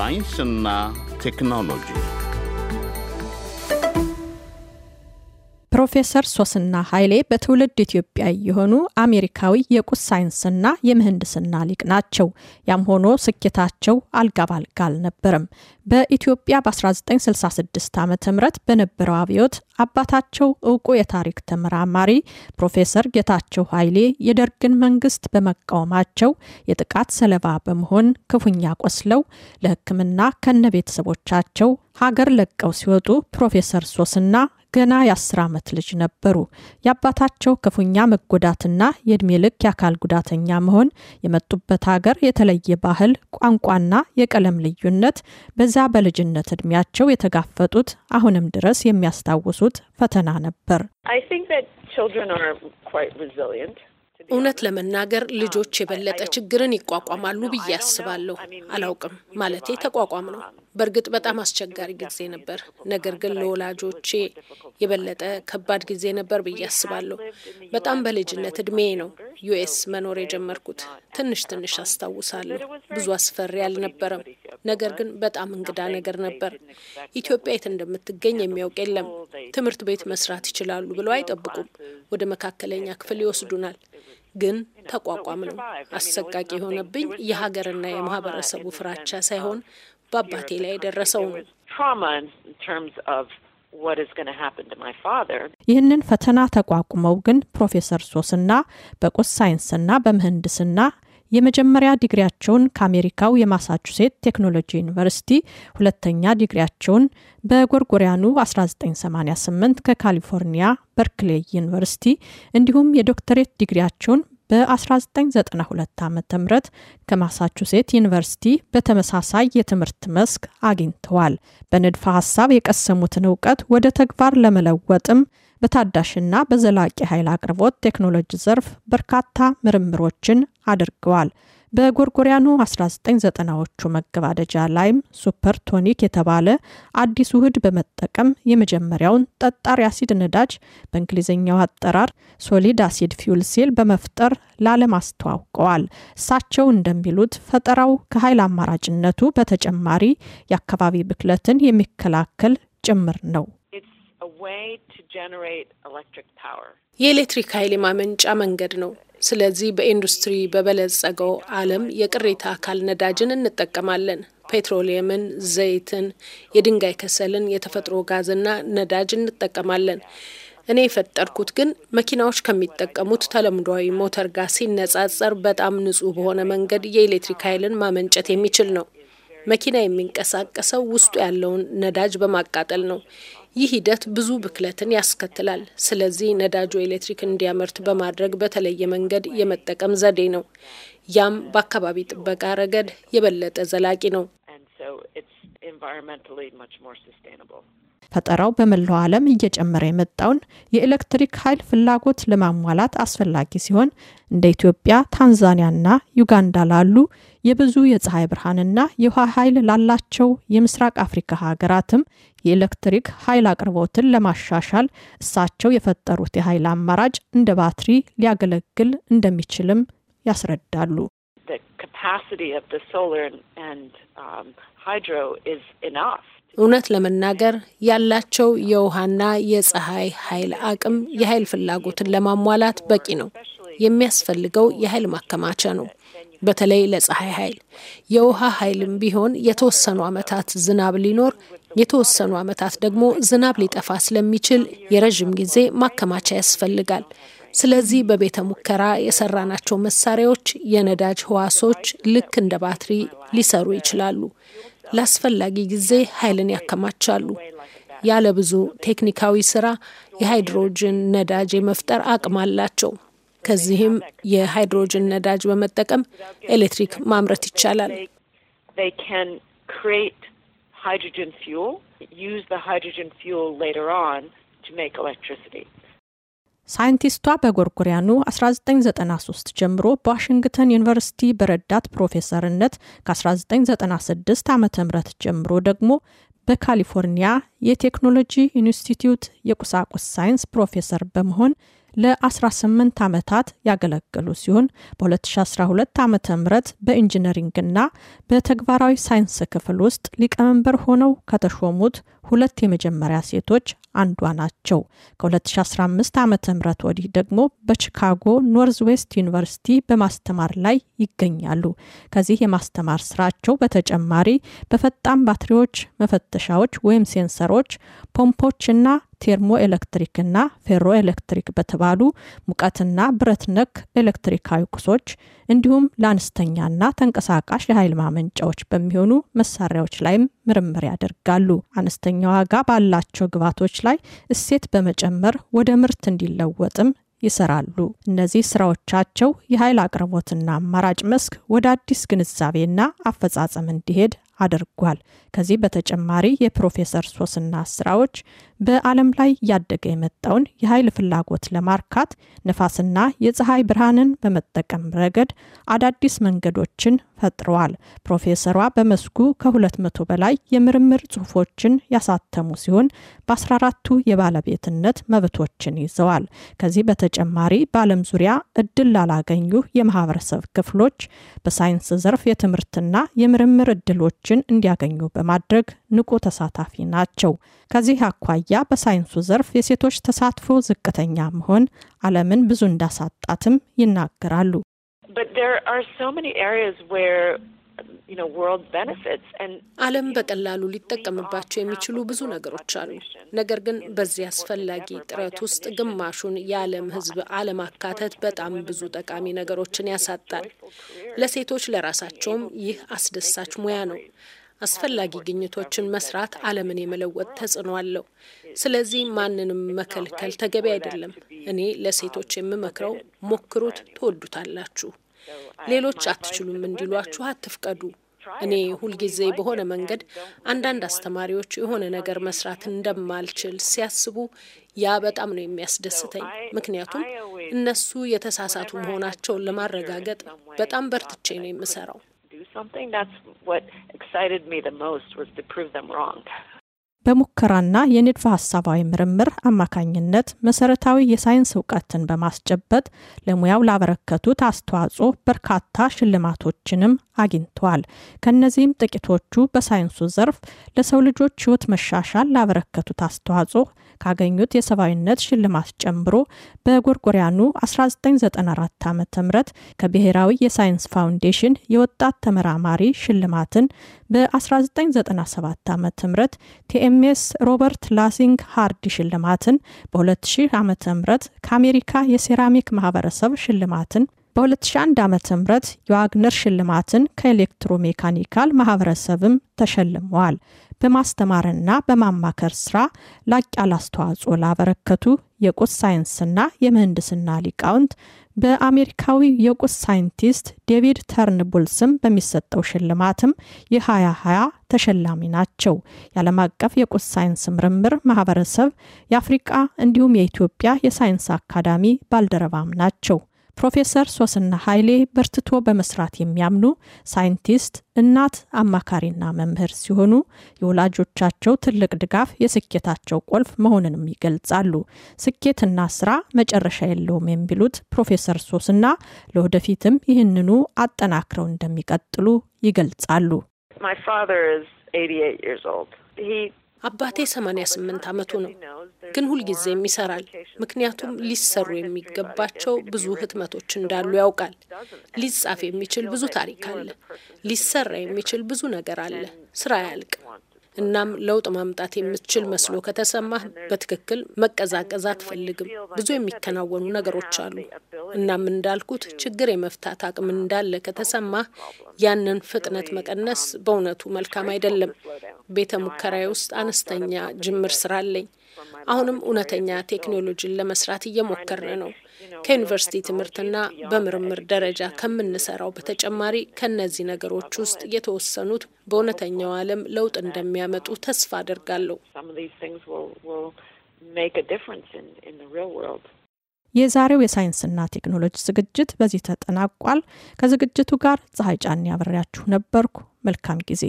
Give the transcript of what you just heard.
ሳይንስና ቴክኖሎጂ ፕሮፌሰር ሶስና ኃይሌ በትውልድ ኢትዮጵያ የሆኑ አሜሪካዊ የቁስ ሳይንስና የምህንድስና ሊቅ ናቸው። ያም ሆኖ ስኬታቸው አልጋ ባልጋ አልነበረም። በኢትዮጵያ በ1966 ዓ ም በነበረው አብዮት አባታቸው እውቁ የታሪክ ተመራማሪ ፕሮፌሰር ጌታቸው ኃይሌ የደርግን መንግስት በመቃወማቸው የጥቃት ሰለባ በመሆን ክፉኛ ቆስለው ለሕክምና ከነ ቤተሰቦቻቸው ሀገር ለቀው ሲወጡ ፕሮፌሰር ሶስና ገና የአስር ዓመት ልጅ ነበሩ። የአባታቸው ክፉኛ መጎዳትና የእድሜ ልክ የአካል ጉዳተኛ መሆን፣ የመጡበት ሀገር የተለየ ባህል፣ ቋንቋና የቀለም ልዩነት በዛ በልጅነት እድሜያቸው የተጋፈጡት አሁንም ድረስ የሚያስታውሱት ፈተና ነበር። እውነት ለመናገር ልጆች የበለጠ ችግርን ይቋቋማሉ ብዬ አስባለሁ። አላውቅም ማለቴ ተቋቋም ነው። በእርግጥ በጣም አስቸጋሪ ጊዜ ነበር፣ ነገር ግን ለወላጆቼ የበለጠ ከባድ ጊዜ ነበር ብዬ አስባለሁ። በጣም በልጅነት እድሜ ነው ዩኤስ መኖር የጀመርኩት። ትንሽ ትንሽ አስታውሳለሁ። ብዙ አስፈሪ አልነበረም፣ ነገር ግን በጣም እንግዳ ነገር ነበር። ኢትዮጵያ የት እንደምትገኝ የሚያውቅ የለም። ትምህርት ቤት መስራት ይችላሉ ብለው አይጠብቁም። ወደ መካከለኛ ክፍል ይወስዱናል። ግን ተቋቋም ነው። አሰቃቂ የሆነብኝ የሀገርና የማህበረሰቡ ፍራቻ ሳይሆን በአባቴ ላይ የደረሰው ነው። ይህንን ፈተና ተቋቁመው ግን ፕሮፌሰር ሶስና በቁስ ሳይንስና በምህንድስና የመጀመሪያ ዲግሪያቸውን ከአሜሪካው የማሳቹሴት ቴክኖሎጂ ዩኒቨርሲቲ፣ ሁለተኛ ዲግሪያቸውን በጎርጎሪያኑ 1988 ከካሊፎርኒያ በርክሌይ ዩኒቨርሲቲ እንዲሁም የዶክተሬት ዲግሪያቸውን በ1992 ዓ ም ከማሳቹሴት ዩኒቨርሲቲ በተመሳሳይ የትምህርት መስክ አግኝተዋል። በንድፈ ሐሳብ የቀሰሙትን እውቀት ወደ ተግባር ለመለወጥም በታዳሽና በዘላቂ ኃይል አቅርቦት ቴክኖሎጂ ዘርፍ በርካታ ምርምሮችን አድርገዋል። በጎርጎሪያኑ 1990ዎቹ መገባደጃ ላይም ሱፐር ቶኒክ የተባለ አዲስ ውህድ በመጠቀም የመጀመሪያውን ጠጣር የአሲድ ነዳጅ በእንግሊዝኛው አጠራር ሶሊድ አሲድ ፊውል ሴል በመፍጠር ለዓለም አስተዋውቀዋል። እሳቸው እንደሚሉት ፈጠራው ከኃይል አማራጭነቱ በተጨማሪ የአካባቢ ብክለትን የሚከላከል ጭምር ነው። የኤሌክትሪክ ኃይል የማመንጫ መንገድ ነው። ስለዚህ በኢንዱስትሪ በበለጸገው ዓለም የቅሬታ አካል ነዳጅን እንጠቀማለን። ፔትሮሊየምን፣ ዘይትን፣ የድንጋይ ከሰልን፣ የተፈጥሮ ጋዝና ነዳጅ እንጠቀማለን። እኔ የፈጠርኩት ግን መኪናዎች ከሚጠቀሙት ተለምዷዊ ሞተር ጋር ሲነጻጸር በጣም ንጹህ በሆነ መንገድ የኤሌክትሪክ ኃይልን ማመንጨት የሚችል ነው። መኪና የሚንቀሳቀሰው ውስጡ ያለውን ነዳጅ በማቃጠል ነው። ይህ ሂደት ብዙ ብክለትን ያስከትላል። ስለዚህ ነዳጁ ኤሌክትሪክ እንዲያመርት በማድረግ በተለየ መንገድ የመጠቀም ዘዴ ነው። ያም በአካባቢ ጥበቃ ረገድ የበለጠ ዘላቂ ነው። ፈጠራው በመላው ዓለም እየጨመረ የመጣውን የኤሌክትሪክ ኃይል ፍላጎት ለማሟላት አስፈላጊ ሲሆን እንደ ኢትዮጵያ፣ ታንዛኒያና ዩጋንዳ ላሉ የብዙ የፀሐይ ብርሃንና የውሃ ኃይል ላላቸው የምስራቅ አፍሪካ ሀገራትም የኤሌክትሪክ ኃይል አቅርቦትን ለማሻሻል እሳቸው የፈጠሩት የኃይል አማራጭ እንደ ባትሪ ሊያገለግል እንደሚችልም ያስረዳሉ። capacity of the solar and, and um, hydro is enough. እውነት ለመናገር ያላቸው የውሃና የፀሐይ ኃይል አቅም የኃይል ፍላጎትን ለማሟላት በቂ ነው። የሚያስፈልገው የኃይል ማከማቻ ነው፣ በተለይ ለፀሐይ ኃይል። የውሃ ኃይልም ቢሆን የተወሰኑ ዓመታት ዝናብ ሊኖር፣ የተወሰኑ ዓመታት ደግሞ ዝናብ ሊጠፋ ስለሚችል የረዥም ጊዜ ማከማቻ ያስፈልጋል። ስለዚህ በቤተ ሙከራ የሰራናቸው መሳሪያዎች የነዳጅ ህዋሶች ልክ እንደ ባትሪ ሊሰሩ ይችላሉ። ለአስፈላጊ ጊዜ ኃይልን ያከማቻሉ። ያለ ብዙ ቴክኒካዊ ስራ የሃይድሮጅን ነዳጅ የመፍጠር አቅም አላቸው። ከዚህም የሃይድሮጅን ነዳጅ በመጠቀም ኤሌክትሪክ ማምረት ይቻላል። hydrogen fuel, use the ሳይንቲስቷ በጎርጎሪያኑ 1993 ጀምሮ በዋሽንግተን ዩኒቨርሲቲ በረዳት ፕሮፌሰርነት ከ1996 ዓ ም ጀምሮ ደግሞ በካሊፎርኒያ የቴክኖሎጂ ኢንስቲትዩት የቁሳቁስ ሳይንስ ፕሮፌሰር በመሆን ለ18 ዓመታት ያገለገሉ ሲሆን በ2012 ዓ ም በኢንጂነሪንግና በተግባራዊ ሳይንስ ክፍል ውስጥ ሊቀመንበር ሆነው ከተሾሙት ሁለት የመጀመሪያ ሴቶች አንዷ ናቸው። ከ2015 ዓ ም ወዲህ ደግሞ በቺካጎ ኖርዝ ዌስት ዩኒቨርሲቲ በማስተማር ላይ ይገኛሉ። ከዚህ የማስተማር ስራቸው በተጨማሪ በፈጣን ባትሪዎች መፈተሻዎች ወይም ሴንሰሮች፣ ፖምፖችና ቴርሞ ኤሌክትሪክና ፌሮ ኤሌክትሪክ በተባሉ ሙቀትና ብረት ነክ ኤሌክትሪካዊ ቁሶች እንዲሁም ለአነስተኛና ተንቀሳቃሽ የኃይል ማመንጫዎች በሚሆኑ መሳሪያዎች ላይም ምርምር ያደርጋሉ። አነስተኛ ዋጋ ባላቸው ግብዓቶች ላይ እሴት በመጨመር ወደ ምርት እንዲለወጥም ይሰራሉ። እነዚህ ስራዎቻቸው የኃይል አቅርቦትና አማራጭ መስክ ወደ አዲስ ግንዛቤና አፈጻጸም እንዲሄድ አድርጓል። ከዚህ በተጨማሪ የፕሮፌሰር ሶስና ስራዎች በዓለም ላይ እያደገ የመጣውን የኃይል ፍላጎት ለማርካት ነፋስና የፀሐይ ብርሃንን በመጠቀም ረገድ አዳዲስ መንገዶችን ፈጥረዋል። ፕሮፌሰሯ በመስኩ ከ200 በላይ የምርምር ጽሑፎችን ያሳተሙ ሲሆን በ14ቱ የባለቤትነት መብቶችን ይዘዋል። ከዚህ በተጨማሪ በዓለም ዙሪያ እድል ላላገኙ የማህበረሰብ ክፍሎች በሳይንስ ዘርፍ የትምህርትና የምርምር እድሎች ውጤቶችን እንዲያገኙ በማድረግ ንቁ ተሳታፊ ናቸው። ከዚህ አኳያ በሳይንሱ ዘርፍ የሴቶች ተሳትፎ ዝቅተኛ መሆን ዓለምን ብዙ እንዳሳጣትም ይናገራሉ። ዓለም በቀላሉ ሊጠቀምባቸው የሚችሉ ብዙ ነገሮች አሉ። ነገር ግን በዚህ አስፈላጊ ጥረት ውስጥ ግማሹን የዓለም ሕዝብ አለማካተት በጣም ብዙ ጠቃሚ ነገሮችን ያሳጣል። ለሴቶች ለራሳቸውም ይህ አስደሳች ሙያ ነው። አስፈላጊ ግኝቶችን መስራት ዓለምን የመለወጥ ተጽዕኖ አለው። ስለዚህ ማንንም መከልከል ተገቢ አይደለም። እኔ ለሴቶች የምመክረው ሞክሩት፣ ትወዱታላችሁ። ሌሎች አትችሉም እንዲሏችሁ አትፍቀዱ። እኔ ሁልጊዜ በሆነ መንገድ አንዳንድ አስተማሪዎች የሆነ ነገር መስራት እንደማልችል ሲያስቡ ያ በጣም ነው የሚያስደስተኝ። ምክንያቱም እነሱ የተሳሳቱ መሆናቸውን ለማረጋገጥ በጣም በርትቼ ነው የምሰራው። በሙከራና የንድፈ ሀሳባዊ ምርምር አማካኝነት መሰረታዊ የሳይንስ እውቀትን በማስጨበጥ ለሙያው ላበረከቱት አስተዋጽኦ በርካታ ሽልማቶችንም አግኝተዋል። ከእነዚህም ጥቂቶቹ በሳይንሱ ዘርፍ ለሰው ልጆች ሕይወት መሻሻል ላበረከቱት አስተዋጽኦ ካገኙት የሰብአዊነት ሽልማት ጨምሮ በጎርጎሪያኑ 1994 ዓ ም ከብሔራዊ የሳይንስ ፋውንዴሽን የወጣት ተመራማሪ ሽልማትን በ1997 ዓ ም ቲኤምኤስ ሮበርት ላሲንግ ሃርዲ ሽልማትን በ2000 ዓ ም ከአሜሪካ የሴራሚክ ማህበረሰብ ሽልማትን በ2001 ዓ ም የዋግነር ሽልማትን ከኤሌክትሮሜካኒካል ማህበረሰብም ተሸልመዋል። በማስተማርና በማማከር ስራ ላቅ ያለ አስተዋጽኦ ላበረከቱ የቁስ ሳይንስና የምህንድስና ሊቃውንት በአሜሪካዊ የቁስ ሳይንቲስት ዴቪድ ተርንቡል ስም በሚሰጠው ሽልማትም የ2020 ተሸላሚ ናቸው። የዓለም አቀፍ የቁስ ሳይንስ ምርምር ማህበረሰብ የአፍሪቃ እንዲሁም የኢትዮጵያ የሳይንስ አካዳሚ ባልደረባም ናቸው። ፕሮፌሰር ሶስና ኃይሌ በርትቶ በመስራት የሚያምኑ ሳይንቲስት፣ እናት፣ አማካሪና መምህር ሲሆኑ የወላጆቻቸው ትልቅ ድጋፍ የስኬታቸው ቁልፍ መሆንንም ይገልጻሉ። ስኬትና ስራ መጨረሻ የለውም የሚሉት ፕሮፌሰር ሶስና ለወደፊትም ይህንኑ አጠናክረው እንደሚቀጥሉ ይገልጻሉ። አባቴ 88 ዓመቱ ነው፣ ግን ሁልጊዜም ይሰራል። ምክንያቱም ሊሰሩ የሚገባቸው ብዙ ህትመቶች እንዳሉ ያውቃል። ሊጻፍ የሚችል ብዙ ታሪክ አለ። ሊሰራ የሚችል ብዙ ነገር አለ። ስራ አያልቅም። እናም ለውጥ ማምጣት የምትችል መስሎ ከተሰማህ በትክክል መቀዛቀዝ አትፈልግም። ብዙ የሚከናወኑ ነገሮች አሉ። እናም እንዳልኩት ችግር የመፍታት አቅም እንዳለ ከተሰማህ ያንን ፍጥነት መቀነስ በእውነቱ መልካም አይደለም። ቤተ ሙከራዬ ውስጥ አነስተኛ ጅምር ስራ አለኝ። አሁንም እውነተኛ ቴክኖሎጂን ለመስራት እየሞከርን ነው። ከዩኒቨርሲቲ ትምህርትና በምርምር ደረጃ ከምንሰራው በተጨማሪ ከነዚህ ነገሮች ውስጥ የተወሰኑት በእውነተኛው ዓለም ለውጥ እንደሚያመጡ ተስፋ አደርጋለሁ። የዛሬው የሳይንስና ቴክኖሎጂ ዝግጅት በዚህ ተጠናቋል። ከዝግጅቱ ጋር ፀሐይ ጫን ያበሬያችሁ ነበርኩ። መልካም ጊዜ